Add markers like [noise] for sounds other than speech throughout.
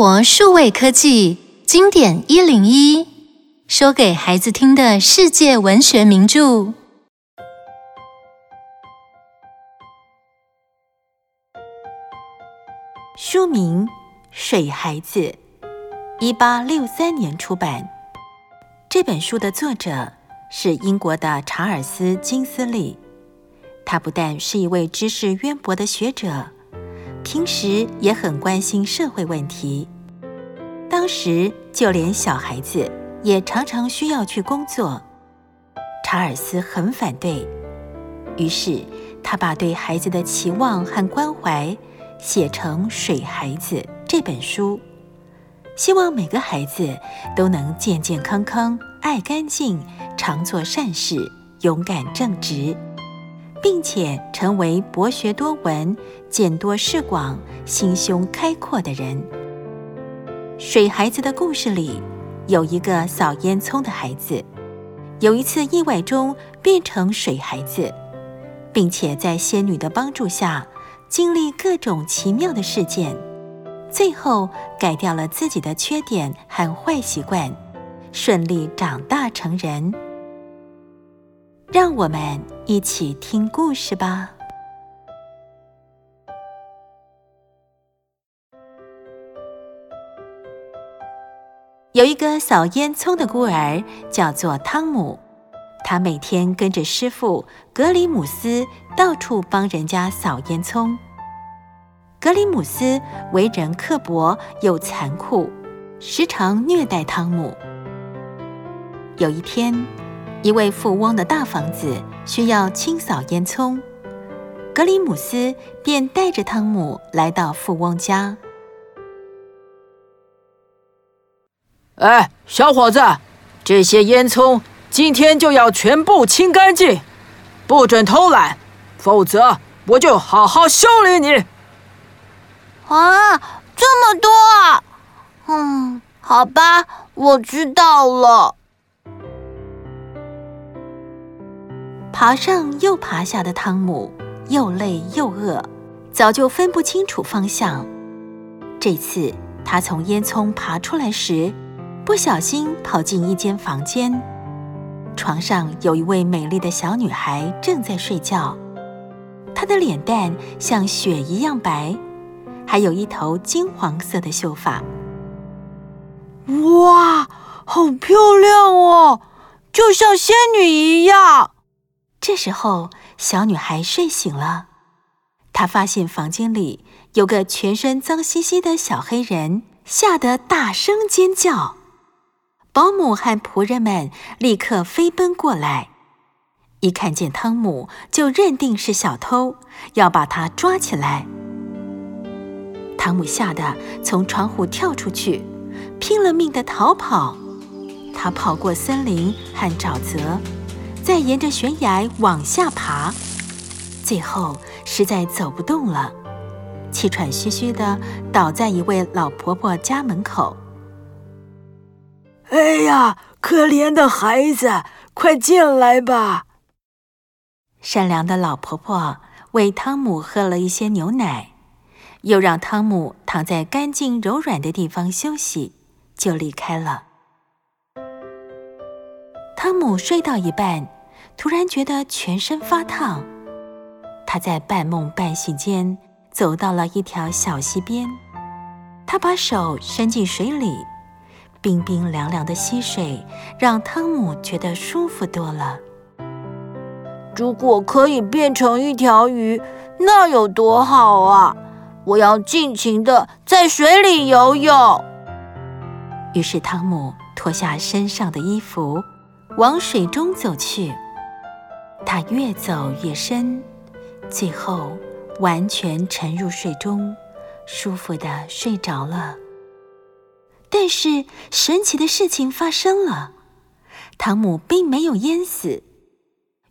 國數位科技經典一零一，說給孩子聽的世界文學名著。書名《水孩子》，一八六三年出版。這本書的作者是英國的查爾斯金斯利，他不但是一位知識淵博的學者。平時也很關心社會問題，當時就連小孩子也常常需要去工作。查爾斯很反對，於是他把對孩子的期望和關懷寫成《水孩子》這本書，希望每個孩子都能健健康康、愛乾淨、常做善事、勇敢正直。並且成為博學多聞、見多識廣、心胸開闊的人。水孩子的故事裡，有一個掃煙囪的孩子，有一次意外中變成水孩子，並且在仙女的幫助下，經歷各種奇妙的事件，最後改掉了自己的缺點和壞習慣，順利長大成人。讓我們一起聽故事吧。有一個掃煙囪的孤兒，叫做湯姆。他每天跟着師傅格里姆斯到處幫人家掃煙囪。格里姆斯為人刻薄又殘酷，時常虐待湯姆。有一天，一位富翁的大房子，需要清掃煙囪，格里姆斯便帶着湯姆來到富翁家。哎，小伙子，這些煙囪今天就要全部清乾淨，不准偷懶，否則我就好好修理你。啊，這麼多啊！嗯，好吧，我知道了。爬上又爬下的湯姆，又累又餓，早就分不清楚方向。這次他從煙囪爬出來時，不小心跑進一間房間，床上有一位美麗的小女孩正在睡覺。她的臉蛋像雪一樣白，還有一頭金黃色的秀髮。哇，好漂亮哦，就像仙女一樣。這時候，小女孩睡醒了，她發現房間裡有個全身髒兮兮的小黑人，嚇得大聲尖叫。保姆和僕人們立刻飛奔過來，一看見湯姆就認定是小偷，要把他抓起來。湯姆嚇得從窗戶跳出去，拼了命地逃跑。他跑過森林和沼澤。再沿着懸崖往下爬，最後實在走不動了，氣喘吁吁地倒在一位老婆婆家門口。哎呀，可憐的孩子，快進來吧！善良的老婆婆餵湯姆喝了一些牛奶，又讓湯姆躺在乾淨柔軟的地方休息，就離開了。湯姆睡到一半，突然覺得全身發燙。他在半夢半醒間走到了一條小溪邊，他把手伸進水裡，冰冰涼涼，涼的溪水讓湯姆覺得舒服多了。如果可以變成一條魚，那有多好啊！我要盡情地在水裡游泳。於是湯姆脫下身上的衣服。往水中走去，他越走越深，最後完全沉入水中，舒服的睡着了。但是神奇的事情發生了，湯姆並沒有淹死。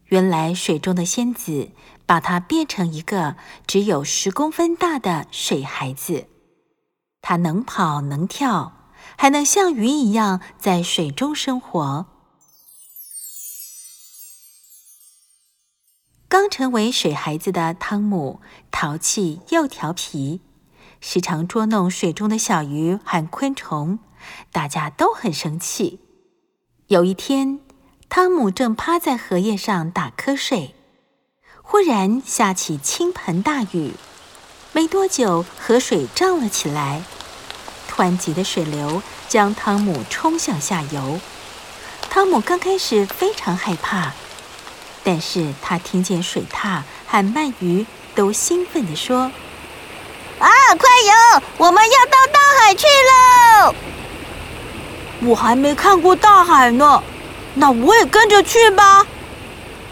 原來水中的仙子把他變成一個只有十公分大的水孩子，他能跑能跳，還能像魚一樣在水中生活。剛成為水孩子的湯姆淘氣又調皮，時常捉弄水中的小魚和昆蟲，大家都很生氣。有一天，湯姆正趴在荷葉上打瞌睡，忽然下起傾盆大雨，沒多久河水漲了起來，湍急的水流將湯姆衝向下游。湯姆剛開始非常害怕。但是他聽見水獺和鰻魚都興奮地說：“啊，快游！我們要到大海去嘍！”“我還沒看過大海呢，那我也跟着去吧。”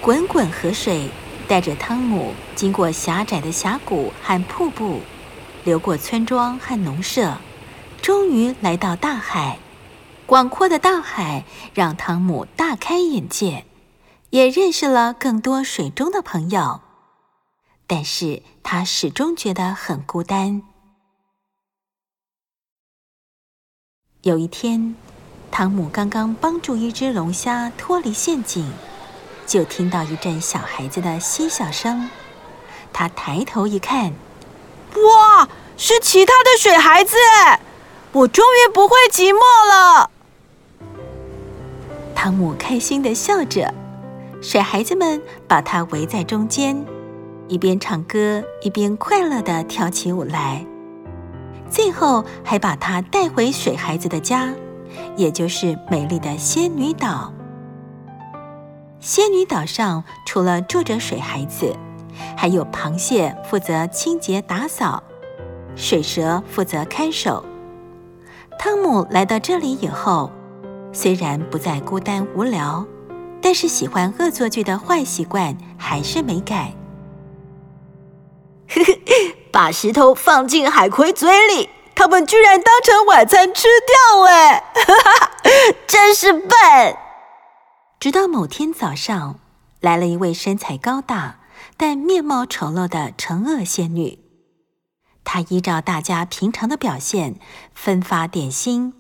滾滾河水帶着湯姆經過狹窄的峽谷和瀑布，流過村莊和農舍，終於來到大海。廣闊的大海讓湯姆大開眼界。也認識了更多水中的朋友，但是他始終覺得很孤單。有一天，湯姆剛剛幫助一隻龍蝦脫離陷阱，就聽到一陣小孩子的嬉笑聲。他抬頭一看，哇，是其他的水孩子！我終於不會寂寞了。湯姆開心的笑着。水孩子們把他圍在中間，一邊唱歌，一邊快樂地跳起舞來。最後還把他帶回水孩子的家，也就是美麗的仙女島。仙女島上除了住着水孩子，還有螃蟹負責清潔打掃，水蛇負責看守。湯姆來到這裡以後，雖然不再孤單無聊。但是喜歡惡作劇的壞習慣還是沒改。 [laughs] 把石頭放進海葵嘴裡，它們居然當成晚餐吃掉！哎， [laughs] 真是笨。直到某天早上，來了一位身材高大但面貌醜陋的懲惡仙女。她依照大家平常的表現分發點心。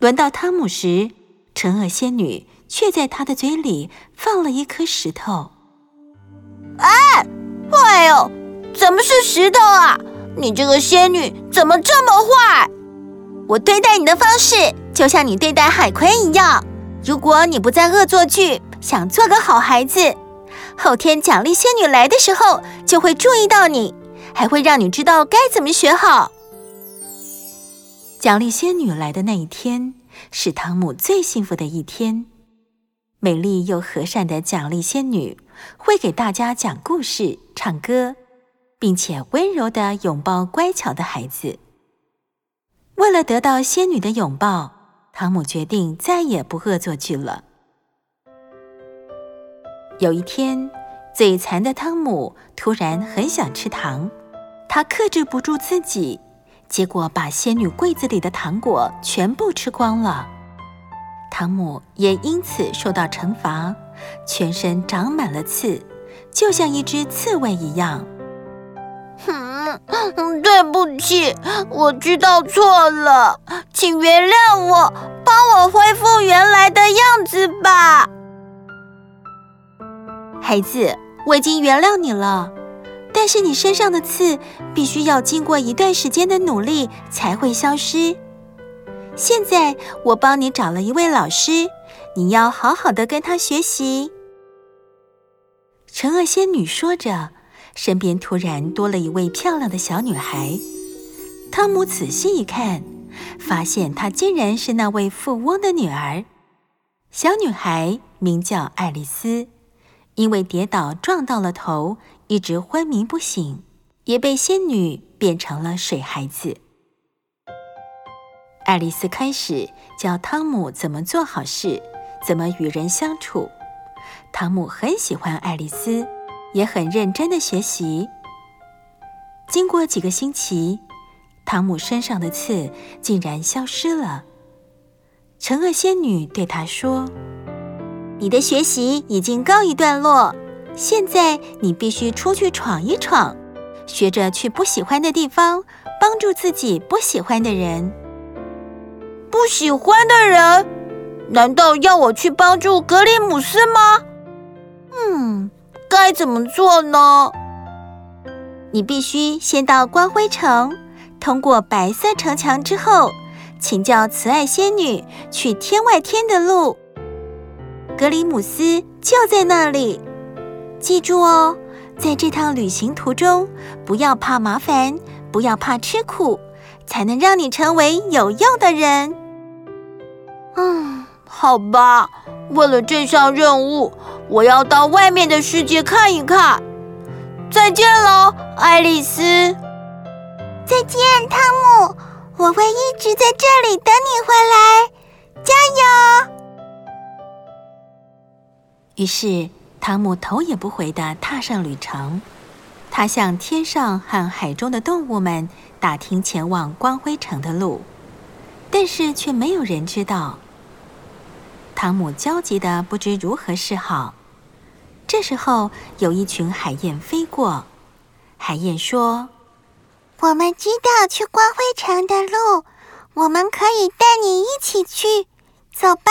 輪到湯姆時，懲惡仙女，卻在他的嘴裡放了一顆石頭。哎，壞、哎、喲！怎麼是石頭啊？你這個仙女怎麼這麼壞？我對待你的方式，就像你對待海葵一樣。如果你不再惡作劇，想做個好孩子，後天獎勵仙女來的時候就會注意到你，還會讓你知道該怎麼學好。獎勵仙女來的那一天，是湯姆最幸福的一天。美麗又和善的獎勵仙女會給大家講故事、唱歌，並且溫柔的擁抱乖巧的孩子。為了得到仙女的擁抱，湯姆決定再也不惡作劇了。有一天，嘴饞的湯姆突然很想吃糖，他克制不住自己，結果把仙女櫃子裡的糖果全部吃光了。湯姆也因此受到懲罰，全身長滿了刺，就像一隻刺蝟一樣。嗯，對不起，我知道錯了，請原諒我，幫我恢復原來的樣子吧。孩子，我已經原諒你了，但是你身上的刺必須要經過一段時間的努力才會消失。現在我幫你找了一位老師，你要好好的跟他學習。懲惡仙女說着，身邊突然多了一位漂亮的小女孩。湯姆仔細一看，發現她竟然是那位富翁的女兒。小女孩名叫愛麗絲，因為跌倒撞到了頭，一直昏迷不醒，也被仙女變成了水孩子。愛麗絲開始教湯姆怎麼做好事，怎麼與人相處。湯姆很喜歡愛麗絲，也很認真的學習。經過幾個星期，湯姆身上的刺竟然消失了。懲惡仙女對他說：“你的學習已經告一段落，現在你必須出去闖一闖，學着去不喜歡的地方，幫助自己不喜歡的人。”不喜歡的人，難道要我去幫助格里姆斯嗎？嗯，該怎麼做呢？你必須先到光輝城，通過白色城牆之後，請教慈愛仙女去天外天的路。格里姆斯就在那裡。記住哦，在這趟旅行途中，不要怕麻煩，不要怕吃苦。才能讓你成為有用的人。嗯，好吧，為了這項任務，我要到外面的世界看一看。再見嘍，愛麗絲。再見，湯姆，我會一直在這裡等你回來。加油！於是，湯姆頭也不回的踏上旅程。他向天上和海中的動物們打聽前往光輝城的路，但是卻沒有人知道。湯姆焦急得不知如何是好。這時候，有一群海燕飛過，海燕說：“我們知道去光輝城的路，我們可以帶你一起去，走吧。”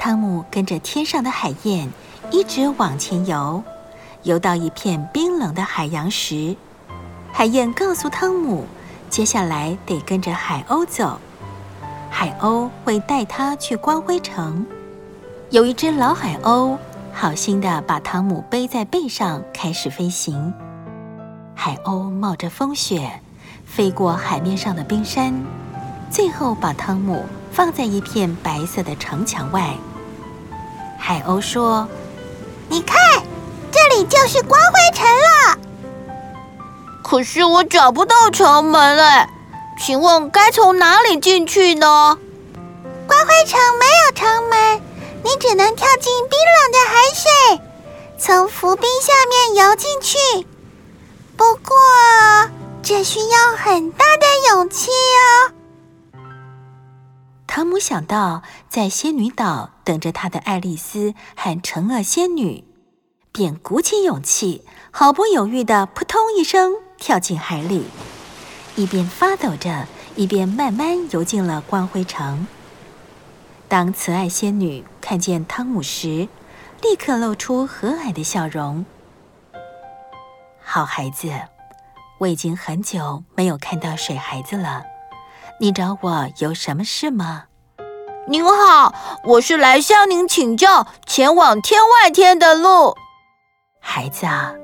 湯姆跟着天上的海燕一直往前游。游到一片冰冷的海洋時，海燕告訴湯姆，接下來得跟着海鷗走，海鷗會帶他去光輝城。有一隻老海鷗好心地把湯姆背在背上，開始飛行。海鷗冒着風雪，飛過海面上的冰山，最後把湯姆放在一片白色的城牆外。海鷗說：“你看！”你就是光輝城了。可是我找不到城門了，哎，請問該從哪裡進去呢？光輝城沒有城門，你只能跳進冰冷的海水，從浮冰下面游進去。不過這需要很大的勇氣哦。湯姆想到，在仙女島等着他的愛麗絲和懲惡仙女，便鼓起勇氣，毫不猶豫地撲通一聲跳進海裡，一邊發抖着，一邊慢慢游進了光輝城。當慈愛仙女看見湯姆時，立刻露出和藹的笑容：“好孩子，我已經很久沒有看到水孩子了。你找我有什麼事嗎？”“您好，我是來向您請教前往天外天的路。”孩子啊，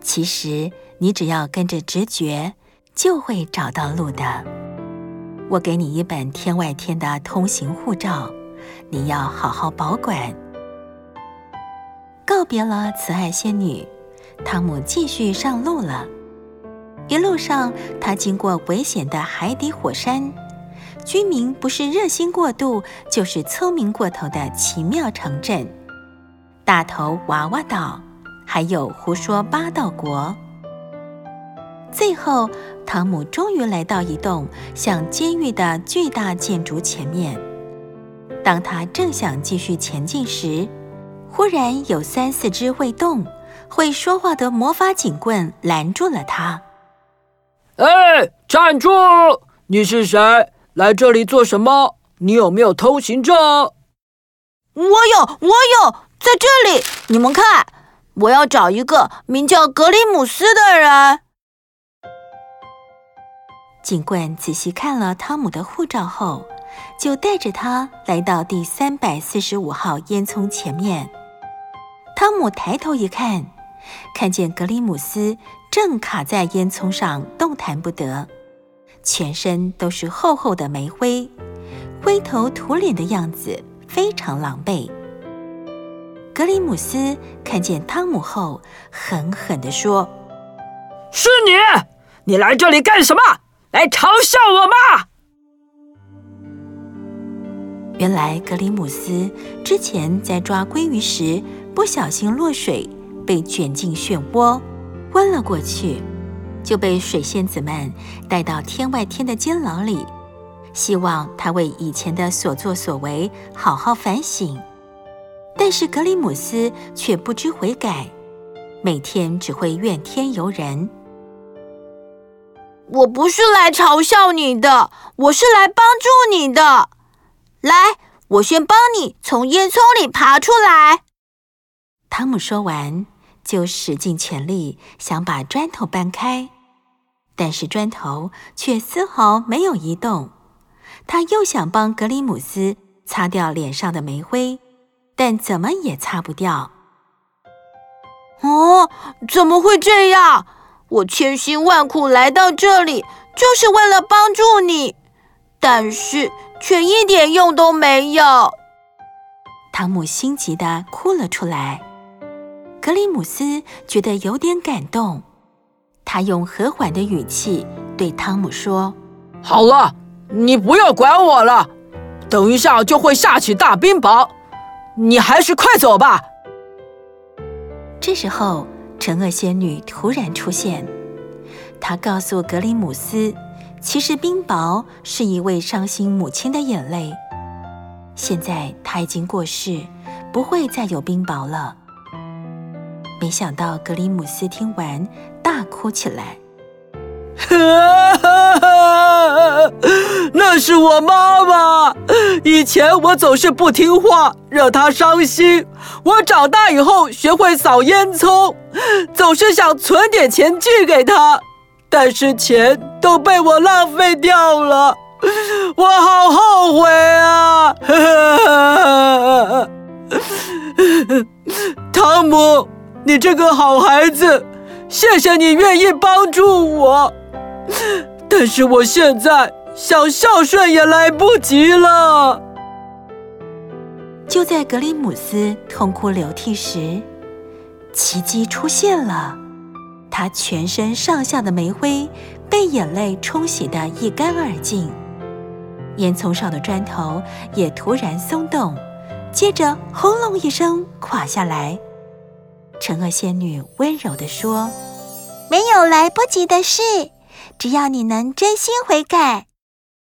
其實你只要跟着直覺，就會找到路的。我給你一本《天外天》的通行護照，你要好好保管。告別了慈愛仙女，湯姆繼續上路了。一路上，他經過危險的海底火山、居民不是熱心過度就是聰明過頭的奇妙城鎮——大頭娃娃島。還有胡說八道國。最後，湯姆終於來到一棟像監獄的巨大建築前面。當他正想繼續前進時，忽然有三四隻會動、會說話的魔法警棍攔住了他。“哎，站住！你是誰？來這裡做什麼？你有沒有通行證？”“我有，我有，在這裡，你們看。”我要找一個名叫格里姆斯的人。警官，仔細看了湯姆的護照後，就帶着他來到第三百四十五號煙囪前面。湯姆抬頭一看，看見格里姆斯正卡在煙囪上動彈不得，全身都是厚厚的煤灰，灰頭土臉的樣子非常狼狽。格里姆斯看見湯姆後，狠狠地說：“是你，你來這裡幹什麼？來嘲笑我嗎？”原來，格里姆斯之前在抓鮭魚時不小心落水，被捲進漩渦，昏了過去，就被水仙子們帶到天外天的監牢裡，希望他為以前的所作所為好好反省。但是格里姆斯卻不知悔改，每天只會怨天尤人。我不是來嘲笑你的，我是來幫助你的。來，我先幫你從煙囪裡爬出來。”湯姆說完，就使盡全力想把磚頭搬開，但是磚頭卻絲毫沒有移動。他又想幫格里姆斯擦掉臉上的煤灰。但怎麼也擦不掉。哦，怎麼會這樣？我千辛萬苦來到這裡，就是為了幫助你，但是卻一點用都沒有。湯姆心急的哭了出來。格里姆斯覺得有點感動，他用和緩的語氣對湯姆說：“好了，你不要管我了，等一下就會下起大冰雹。”你還是快走吧。這時候，懲惡仙女突然出現，她告訴格里姆斯，其實冰雹是一位傷心母親的眼淚，現在她已經過世，不會再有冰雹了。沒想到格里姆斯聽完，大哭起來。 [laughs] 那是我媽媽。以前我總是不聽話，讓她傷心。我長大以後學會掃煙囪，總是想存點錢寄給她，但是錢都被我浪費掉了，我好後悔啊！ [laughs] 湯姆，你這個好孩子，謝謝你願意幫助我。但是我現在想孝順也來不及了。就在格林姆斯痛哭流涕時，奇蹟出現了：他全身上下的煤灰被眼淚沖洗得一乾二淨，煙囪上的磚頭也突然鬆動，接着轟隆一聲垮下來。嫦娥仙女溫柔地說：“沒有來不及的事。”只要你能真心悔改，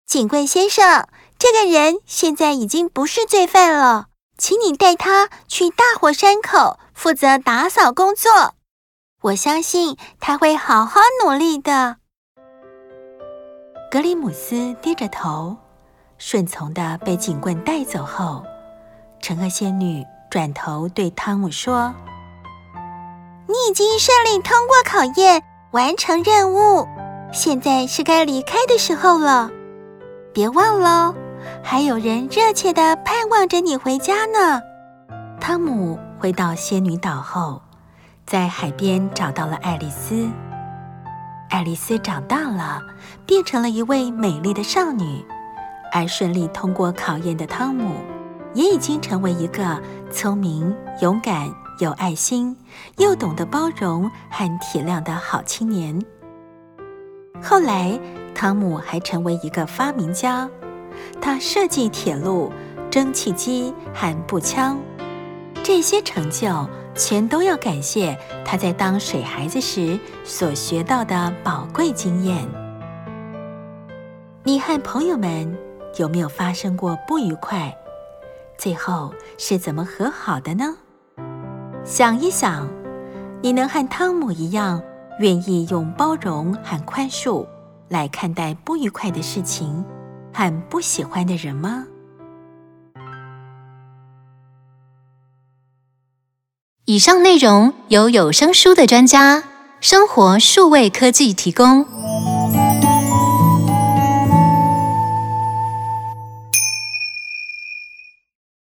警棍先生，這個人現在已經不是罪犯了，請你帶他去大火山口負責打掃工作。我相信他會好好努力的。格里姆斯低着頭，順從地被警棍帶走後，懲惡仙女轉頭對湯姆說：“你已經順利通過考驗，完成任務。”現在是該離開的時候了，別忘了，還有人熱切地盼望着你回家呢。湯姆回到仙女島後，在海邊找到了愛麗絲。愛麗絲長大了，變成了一位美麗的少女，而順利通過考驗的湯姆，也已經成為一個聰明、勇敢、有愛心，又懂得包容和體諒的好青年。後來，湯姆還成為一個發明家，他設計鐵路、蒸汽機和步槍。這些成就全都要感謝他在當水孩子時所學到的寶貴經驗。你和朋友們有沒有發生過不愉快？最後是怎麼和好的呢？想一想，你能和湯姆一樣。願意用包容和寬恕來看待不愉快的事情和不喜歡的人嗎？以上內容由有聲書的專家聲活數位科技提供。